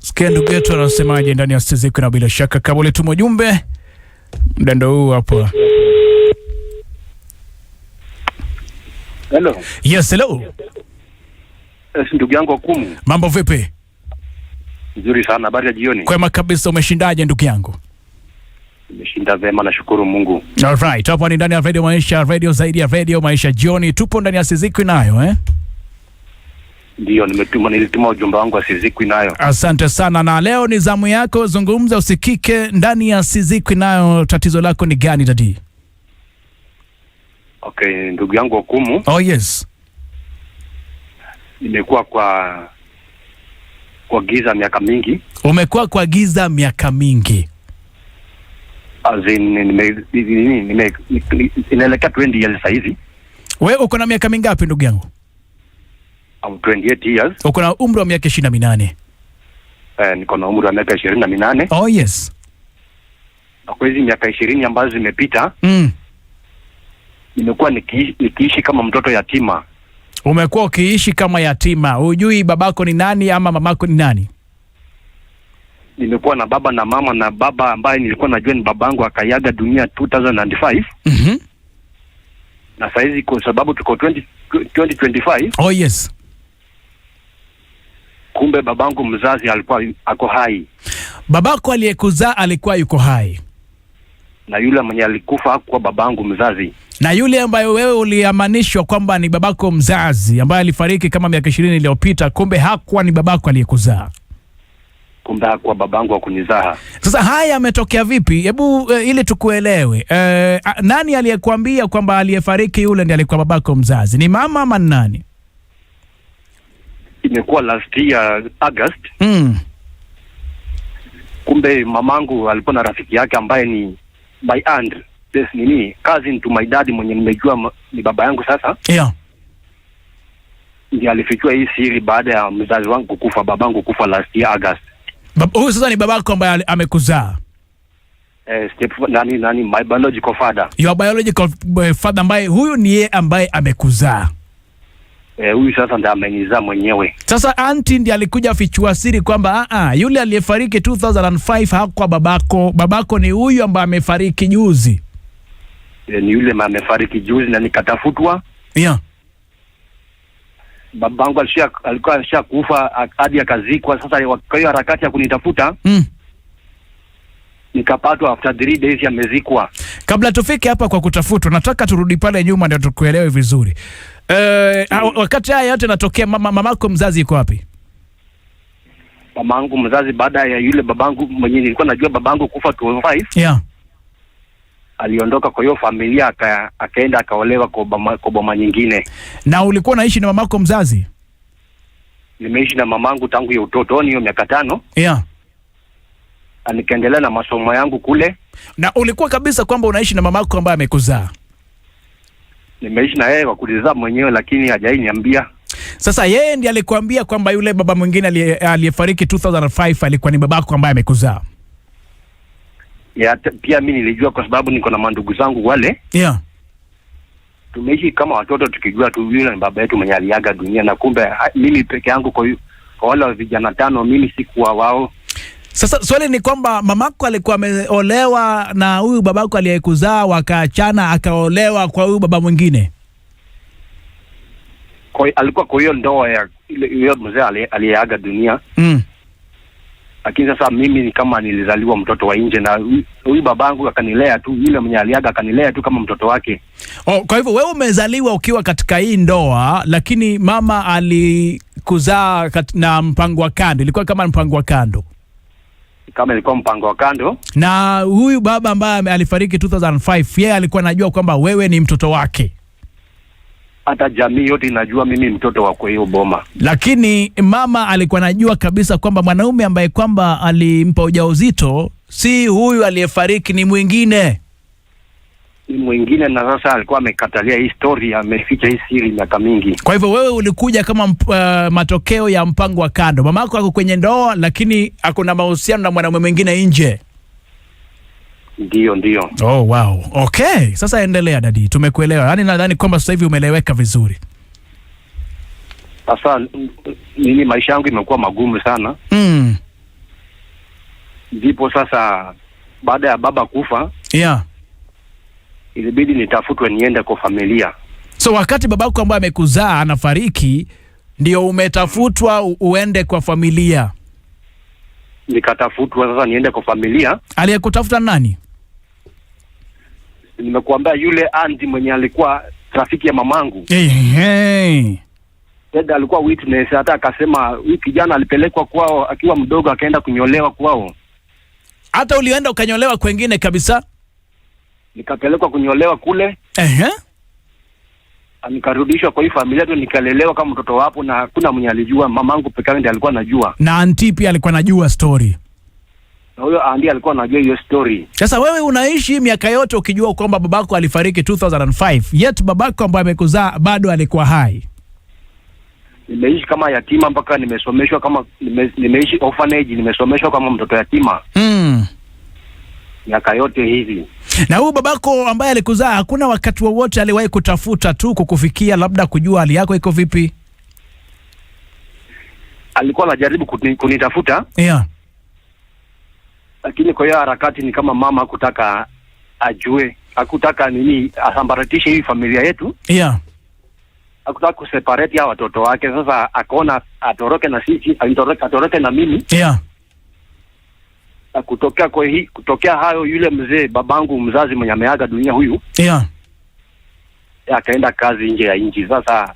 Sikia ndugu yetu anasemaje ndani ya steziko, na bila shaka kabla ulituma ujumbe mdando huu hapo Hello. Yes, hello. Yes, ndugu yangu Akumu. Mambo vipi? Nzuri sana, habari ya jioni. Kwema kabisa, umeshindaje ndugu yangu? Nimeshinda vema, nashukuru Mungu. alright hapo ni ndani ya Radio Maisha, radio zaidi ya radio maisha jioni, tupo ndani ya steziko nayo eh? ndio nimetuma nilituma ujumbe wangu wa Sizikwi Nayo. Asante sana, na leo ni zamu yako, zungumza usikike ndani ya Sizikwi Nayo. Tatizo lako ni gani dadi? Okay, ndugu yangu Okumu. Oh yes, nimekuwa kwa kwa giza miaka mingi. Umekuwa kwa giza miaka mingi? Inaelekea 20 years sasa hivi. Wewe uko na miaka mingapi ndugu yangu? I'm 28 years. Uko na umri wa miaka ishirini na minane? Eh, niko na umri wa miaka ishirini na minane. Oh yes. Na kwa hizi miaka ishirini ambazo zimepita mm. nimekuwa nikiishi, nikiishi kama mtoto yatima. Umekuwa ukiishi kama yatima, hujui babako ni nani ama mamako ni nani? Nimekuwa na baba na mama, na baba ambaye nilikuwa najua ni babangu akayaga dunia 2005. Mhm. Mm na saizi kwa sababu tuko 20, 2025. Oh yes kumbe babangu mzazi alikuwa ako hai. Babako aliyekuzaa alikuwa yuko hai, na yule mwenye alikufa hakuwa babangu mzazi, na yule ambaye wewe uliamanishwa kwamba ni babako mzazi ambaye alifariki kama miaka ishirini iliyopita, kumbe hakuwa ni babako aliyekuzaa kumbe hakuwa babangu wa kunizaa. Sasa haya yametokea vipi? Hebu e, ili tukuelewe, e, a, nani aliyekuambia kwamba aliyefariki yule ndiye alikuwa babako mzazi? Ni mama ama nani? imekuwa last year August. Mm. Kumbe mamangu alikuwa na rafiki yake ambaye ni by aunt this nini cousin to my dad mwenye nimejua ni baba yangu sasa. Yeah. Ndiye alifikiwa hii siri baada ya mzazi wangu kufa, babangu kufa last year August. Huyu sasa ni babako ambaye amekuzaa. Eh, step nani nani my biological father. Your biological eh, father ambaye huyu ni yeye ambaye amekuzaa eh, huyu sasa ndiye ameniza mwenyewe. Sasa anti ndiye alikuja fichua siri kwamba a ah, a ah, yule aliyefariki 2005 hakuwa babako, babako ni huyu ambaye amefariki juzi. E, ni yule ambaye amefariki juzi na nikatafutwa. Yeah. Babangu alishia alikuwa kufa hadi akazikwa. Sasa kwa hiyo harakati ya kunitafuta mm. Nikapatwa after three days amezikwa. Kabla tufike hapa kwa kutafutwa, nataka turudi pale nyuma ndio tukuelewe vizuri. Eh, wakati haya yote natokea, mamako mzazi yuko wapi? Mamangu mzazi baada ya yule babangu mwenye nilikuwa najua babangu kufa 2005. Yeah. Aliondoka kwa hiyo familia aka, akaenda akaolewa kwa boma nyingine. Na ulikuwa naishi na mamako mzazi? Nimeishi na mamangu tangu ya utotoni hiyo miaka tano. Yeah. Nikaendelea na masomo yangu kule. Na ulikuwa kabisa kwamba unaishi na mamako ambaye amekuzaa? nimeishi na yeye kwa kulizaa mwenyewe, lakini hajainiambia. Sasa yeye ndiye alikuambia kwamba yule baba mwingine aliyefariki 2005 alikuwa ni babako ambaye amekuzaa? Ya, pia mi nilijua kwa sababu niko na mandugu zangu wale, yeah. Tumeishi kama watoto tukijua tu yule ni baba yetu mwenye aliaga dunia, na kumbe mimi peke yangu kwa, kwa wale vijana tano mimi sikuwa wao sasa swali ni kwamba mamako alikuwa ameolewa na huyu babako aliyekuzaa, wakaachana, akaolewa kwa huyu baba mwingine, alikuwa kwa hiyo ndoa ya hiyo mzee aliyeaga dunia. Mm. Lakini sasa mimi ni kama nilizaliwa mtoto wa nje, na huyu babangu akanilea tu, yule mwenye aliaga akanilea tu kama mtoto wake. Oh, kwa hivyo wewe umezaliwa ukiwa katika hii ndoa, lakini mama alikuzaa na mpango wa kando, ilikuwa kama mpango wa kando kama ilikuwa mpango wa kando. Na huyu baba ambaye alifariki 2005 yeye alikuwa anajua kwamba wewe ni mtoto wake? Hata jamii yote inajua mimi mtoto wa kwa hiyo boma, lakini mama alikuwa anajua kabisa kwamba mwanaume ambaye kwamba alimpa ujauzito si huyu aliyefariki, ni mwingine mwingine na sasa alikuwa amekatalia hii story, ameficha hii siri miaka mingi. Kwa hivyo wewe ulikuja kama mp, uh, matokeo ya mpango wa kando. Mama yako ako kwenye ndoa, lakini ako na mahusiano na mwanaume mwingine nje. Ndio, ndio. Oh, wow. Okay, sasa endelea dadi, tumekuelewa. Yaani nadhani kwamba sasa hivi umeeleweka vizuri. Sasa mimi maisha yangu imekuwa magumu sana, hmm. ndipo mm. Sasa baada ya baba kufa yeah ilibidi nitafutwe niende kwa familia. So wakati babako ambaye amekuzaa anafariki, ndio umetafutwa uende kwa familia? Nikatafutwa sasa niende kwa familia. Aliyekutafuta nani? Nimekuambia yule anti mwenye alikuwa rafiki ya mamangu. Hey, hey. Dada alikuwa witness, hata akasema huyu kijana alipelekwa kwao akiwa mdogo, akaenda kunyolewa kwao. Hata ulienda ukanyolewa kwengine kabisa? nikapelekwa kunyolewa kule uh-huh. Nikarudishwa kwa hii familia tu, nikalelewa kama mtoto wapo, na hakuna mwenye alijua. Mamangu peke yake ndiye alikuwa anajua, na anti pia alikuwa anajua story, na huyo andi alikuwa anajua hiyo story. Sasa wewe unaishi miaka yote ukijua kwamba babako alifariki 2005 yet babako ambaye amekuzaa bado alikuwa hai. Nimeishi kama yatima mpaka nimesomeshwa kama nime, nimeishi orphanage, nimesomeshwa kama mtoto yatima mm miaka yote hivi. Na huyu babako ambaye alikuzaa, hakuna wakati wowote aliwahi kutafuta tu kukufikia, labda kujua hali yako iko vipi? Alikuwa anajaribu kunitafuta yeah, lakini kwa hiyo harakati ni kama mama akutaka ajue, akutaka nini, asambaratishe hii familia yetu yeah akutaka kuseparate ya watoto wake. Sasa akaona atoroke na sisi, atoroke, atoroke na mimi yeah kutokea kwa hii, kutokea hayo, yule mzee babangu mzazi mwenye ameaga dunia huyu yeah, akaenda kazi nje ya nchi. Sasa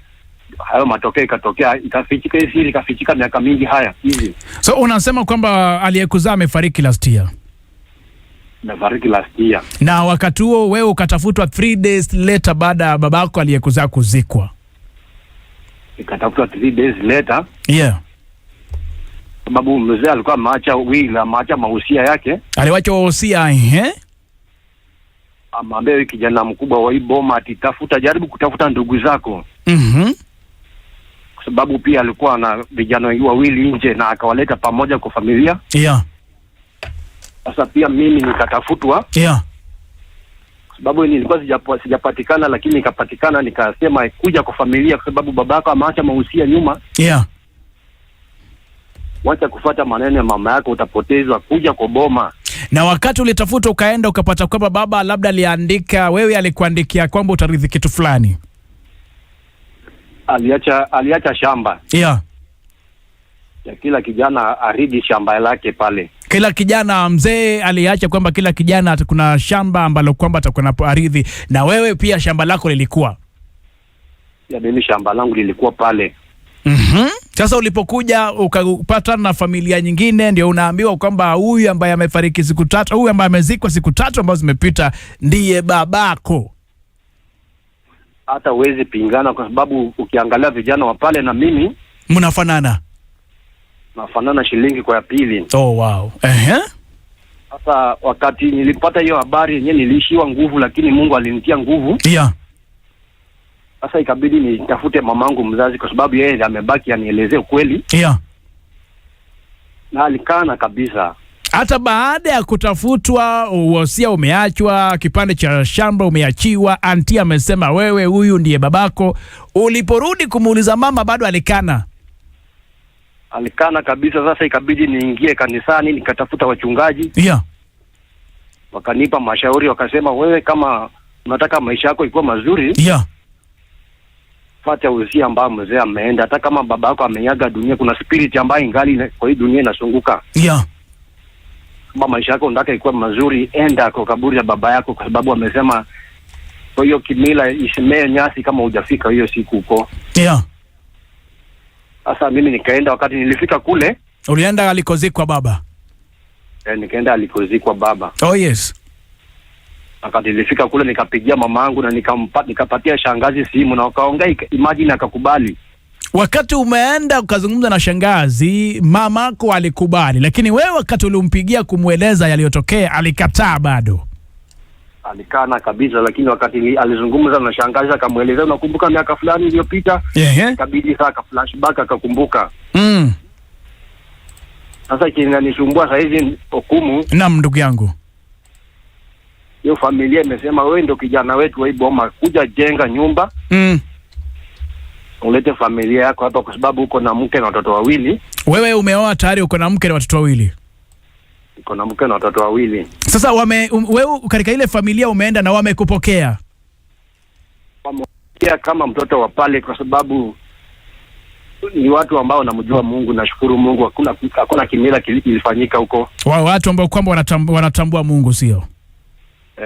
hayo matokeo ikatokea, ikafichika hii siri, ikafichika miaka mingi haya hivi. So unasema kwamba aliyekuzaa amefariki last year? Amefariki last year, na wakati huo wewe ukatafutwa three days later baada ya babako aliyekuzaa kuzikwa, ikatafutwa three days later yeah sababu mzee alikuwa ameacha wili, ameacha mahusia yake, aliwacha wahusia eh, ambaye kijana mkubwa wa hii boma atitafuta, jaribu kutafuta ndugu zako mm -hmm. kwa sababu pia alikuwa na vijana wengi wawili nje na akawaleta pamoja kwa familia yeah. Sasa pia mimi nikatafutwa yeah sababu nilikuwa sijapatikana, lakini nikapatikana. Nikasema kuja kwa familia, kwa sababu baba yako ameacha mahusia nyuma. Yeah, wacha kufata maneno ya mama yako, utapotezwa kuja kwa boma. Na wakati ulitafuta ukaenda ukapata kwamba baba labda aliandika, wewe alikuandikia kwamba utarithi kitu fulani, aliacha aliacha shamba yeah. Ya kila kijana aridi shamba lake pale, kila kijana mzee aliacha kwamba kila kijana kuna shamba ambalo kwamba atakuwa napo aridhi, na wewe pia shamba lako lilikuwa ya, mimi shamba langu lilikuwa pale Mm -hmm. Sasa ulipokuja ukapatana na familia nyingine, ndio unaambiwa kwamba huyu ambaye amefariki siku tatu, huyu ambaye amezikwa siku tatu ambazo zimepita ndiye babako. Hata huwezi pingana, kwa sababu ukiangalia vijana wa pale na mimi mnafanana, nafanana shilingi kwa ya pili. Oh, wow. Sasa wakati nilipata hiyo habari yenyewe niliishiwa nguvu, lakini Mungu alinitia nguvu, yeah sasa ikabidi nitafute mamangu mzazi, kwa sababu yeye ndiye amebaki anielezee ukweli yeah. Na alikana kabisa. Hata baada ya kutafutwa, uhosia umeachwa, kipande cha shamba umeachiwa, anti amesema wewe huyu ndiye babako. Uliporudi kumuuliza mama, bado alikana alikana kabisa. Sasa ikabidi niingie kanisani nikatafuta wachungaji yeah. Wakanipa mashauri, wakasema wewe, kama unataka maisha yako ikuwa mazuri yeah fata uzia ambayo mzee ameenda, hata kama baba yako ameyaga dunia, kuna spirit ambayo ingali kwa hii dunia inazunguka yeah. Kama maisha yako ndaka ikuwa mazuri, enda kwa kaburi ya baba yako, kwa sababu amesema kwa hiyo kimila isimee nyasi kama hujafika hiyo siku huko. Yeah. Sasa mimi nikaenda, wakati nilifika kule. Ulienda alikozikwa baba? Eh, nikaenda alikozikwa baba. Oh yes. Nilifika kule nikapigia mama angu na nikapatia shangazi simu na wakaongea, imagine akakubali. Wakati umeenda ukazungumza na shangazi, mamako alikubali, lakini wewe wakati ulimpigia kumweleza yaliyotokea alikataa bado? Alikana kabisa, lakini wakati alizungumza na shangazi akamwelezea, unakumbuka miaka fulani iliyopita, yeah, kabidi saa flashback akakumbuka. Mm. Sasa kinanishumbua saa hukumu. nam ndugu yangu hiyo familia imesema wewe ndio kijana wetu wa Iboma, kuja jenga nyumba mm. ulete familia yako hapa, kwa sababu uko na mke na watoto wawili. Wewe umeoa tayari, uko na mke na watoto wawili? Uko na mke na watoto wawili. Sasa wame, um, wewe katika ile familia umeenda na wamekupokea? Wamepokea kama mtoto wa pale, kwa sababu ni watu ambao wanamjua Mungu. Nashukuru Mungu, hakuna hakuna kimila kilifanyika huko, wa watu ambao kwamba wanatambua Mungu, sio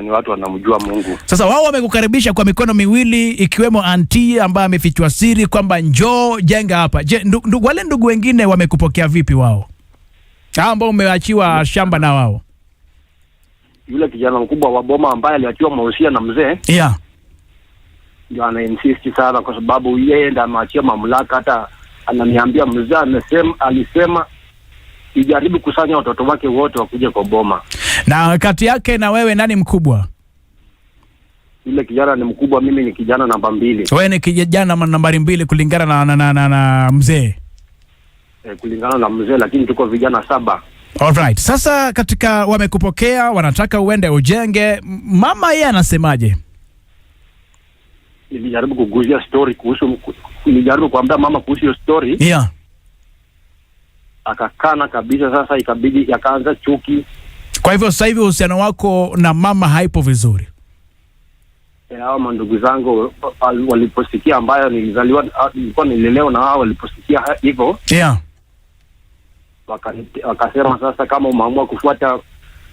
ni yaani watu wanamjua Mungu. Sasa wao wamekukaribisha kwa mikono miwili, ikiwemo anti ambaye amefichwa siri kwamba njoo jenga hapa. Je, ndu, ndu, wale ndugu wengine wamekupokea vipi wao, hao ambao umeachiwa shamba na wao? Yule kijana mkubwa wa boma ambaye aliachiwa mausia na mzee yeah, ndio ana insist sana, kwa sababu yeye ndiye ameachia mamlaka. Hata ananiambia mzee amesema, alisema ijaribu kusanya watoto wake wote wakuja kwa boma. Na kati yake na wewe nani mkubwa? Yule kijana ni mkubwa, mimi ni kijana namba mbili. Wewe ni kijana nambari mbili kulingana na, na, na, na, na mzee eh, kulingana na mzee, lakini tuko vijana saba. Alright. Sasa katika wamekupokea, wanataka uende ujenge, mama yeye anasemaje? Nilijaribu kuguzia story kuhusu, nilijaribu kuambia mama kuhusu hiyo story yeah. Akakana kabisa. Sasa ikabidi akaanza chuki kwa hivyo sasa hivi uhusiano wako na mama haipo vizuri? Hao mandugu zangu waliposikia ambayo nilizaliwa, ah, nilikuwa nililelewa na wao, waliposikia hivyo yeah, wakasema sasa, kama umeamua kufuata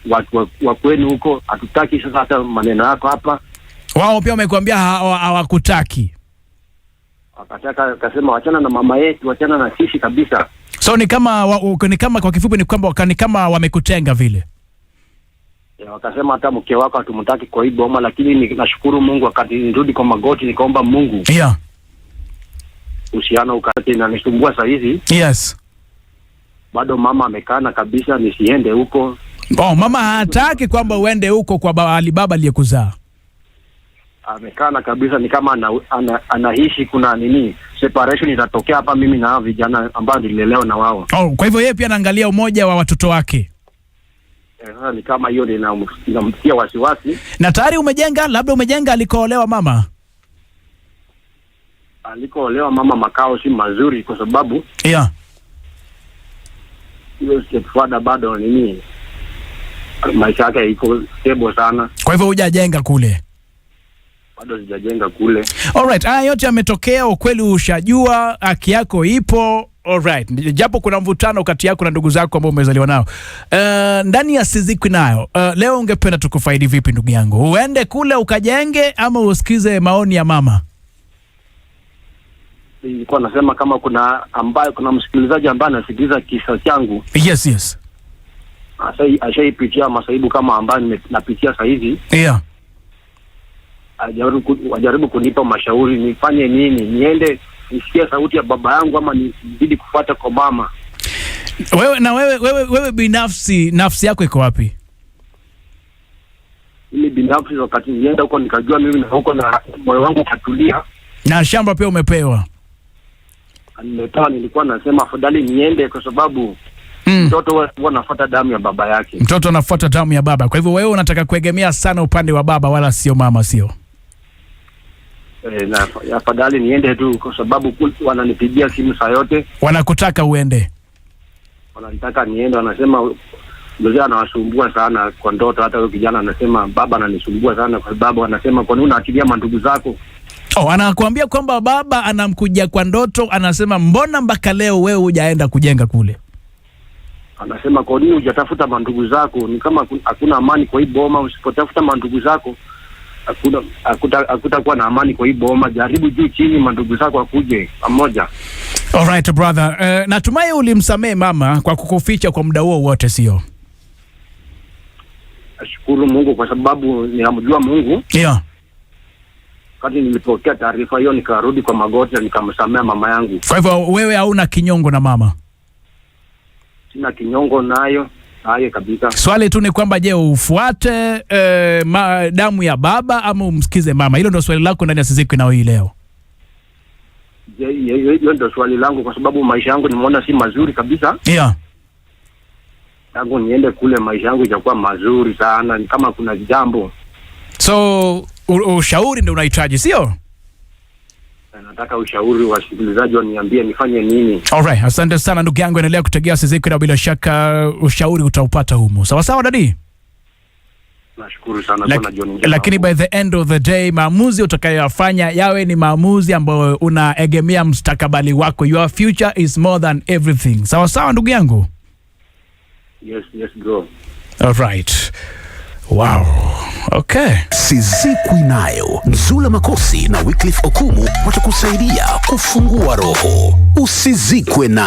watu wa kwenu huko, hatutaki sasa hata maneno yako hapa. Wao pia wamekuambia hawakutaki? Wakataka, wakasema wachana na mama yetu, wachana na sisi kabisa. So ni kama wa, ni kama kwa kifupi ni kwamba ni kama wamekutenga vile Eh, wakasema hata mke wako hatumtaki kwa hii boma, lakini nashukuru Mungu, wakati nirudi kwa magoti nikaomba Mungu yeah. uhusiano ukati nanisumbua saa hizi yes. bado mama amekana kabisa nisiende huko. Oh, mama hataki kwamba uende huko kwa alibaba aliyekuzaa amekana kabisa, ni kama ana, ana, anaishi kuna nini separation itatokea hapa, mimi na vijana ambao nililelewa na wao. Oh, kwa hivyo yeye pia anaangalia umoja wa watoto wake sasa eh, ni kama hiyo inamtia wasiwasi. Na tayari umejenga, labda umejenga alikoolewa mama alikoolewa mama, makao si mazuri kwa sababu yeah, hiyo stepfather bado nini, maisha yake iko stable sana, kwa hivyo hujajenga kule bado sijajenga kule. Alright, haya yote yametokea, ukweli ushajua, haki yako ipo Alright. Japo kuna mvutano kati yako na ndugu zako ambao umezaliwa nao uh, ndani ya sizikwi nayo uh, leo ungependa tukufaidi vipi ndugu yangu, uende kule ukajenge ama usikize maoni ya mama? Nilikuwa nasema kama kuna ambaye kuna msikilizaji ambaye anasikiliza kisa changu, yes, yes, ashaipitia masaibu kama ambayo napitia sasa hivi. yeah. Ajaribu, kunipa mashauri nifanye nini, niende nisikia sauti ya baba yangu ama nizidi kufuata kwa mama. Wewe na wewe wewe wewe binafsi nafsi yako iko wapi? Mimi binafsi wakati nienda huko nikajua mimi na huko na moyo wangu katulia, Na shamba pia umepewa? Nimepewa, nilikuwa nasema afadhali niende kwa sababu Mm. Mtoto huwa anafuata damu ya baba yake. Mtoto anafuata damu ya baba. Kwa hivyo wewe unataka kuegemea sana upande wa baba wala sio mama, sio? E, na afadhali niende tu kwa sababu wananipigia simu saa yote, wanakutaka uende, wanataka niende, wanasema mzee anawasumbua sana kwa ndoto. Hata huyo kijana anasema baba ananisumbua sana kwa sababu anasema, kwa nini unaachilia mandugu zako? Oh, anakuambia kwamba baba anamkuja kwa ndoto, anasema mbona mpaka leo wewe hujaenda kujenga kule? Anasema kwa nini hujatafuta mandugu zako? Ni kama hakuna amani kwa hii boma, usipotafuta mandugu zako hakutakuwa na amani kwa hii boma. Jaribu juu chini, mandugu zako akuje pamoja. Alright brother. Uh, natumai ulimsamehe mama kwa kukuficha kwa muda huo wote, sio? Nashukuru Mungu kwa sababu ninamjua Mungu. Yeah. Wakati nilipokea taarifa hiyo nikarudi kwa magoti nikamsamea mama yangu. Kwa hivyo wewe hauna kinyongo na mama? Sina kinyongo nayo. Aye, kabisa. Swali tu ni kwamba je, ufuate eh, damu ya baba ama umsikize mama? Hilo ndio swali lako ndani ya siziku nao hii leo. Hiyo ndio swali langu, kwa sababu maisha yangu nimeona si mazuri kabisa. Yeah. Tangu niende kule maisha yangu itakuwa mazuri sana, kama kuna jambo so ushauri ndio unahitaji, sio? nataka ushauri wa wasikilizaji waniambie nifanye nini. Alright, asante sana ndugu yangu, endelea kutegea siziki, na bila shaka ushauri utaupata humo. Sawa sawa, dadi. Nashukuru sana Laki, sana Lakini by the end of the day maamuzi utakayoyafanya yawe ni maamuzi ambayo unaegemea mstakabali wako. Your future is more than everything. Sawa sawa ndugu yangu. Yes, yes bro. Alright. Wow. Okay. Sizikwi nayo Nzula Makosi na Wycliffe Okumu watakusaidia kufungua roho. Usizikwe nayo.